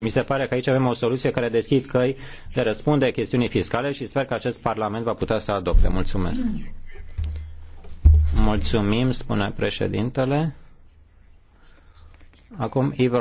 Mi se pare că aici avem o soluție care deschid căi de răspunde chestiunii fiscale și sper că acest Parlament va putea să adopte. Mulțumesc. Mulțumim, spune președintele. Acum, Ivor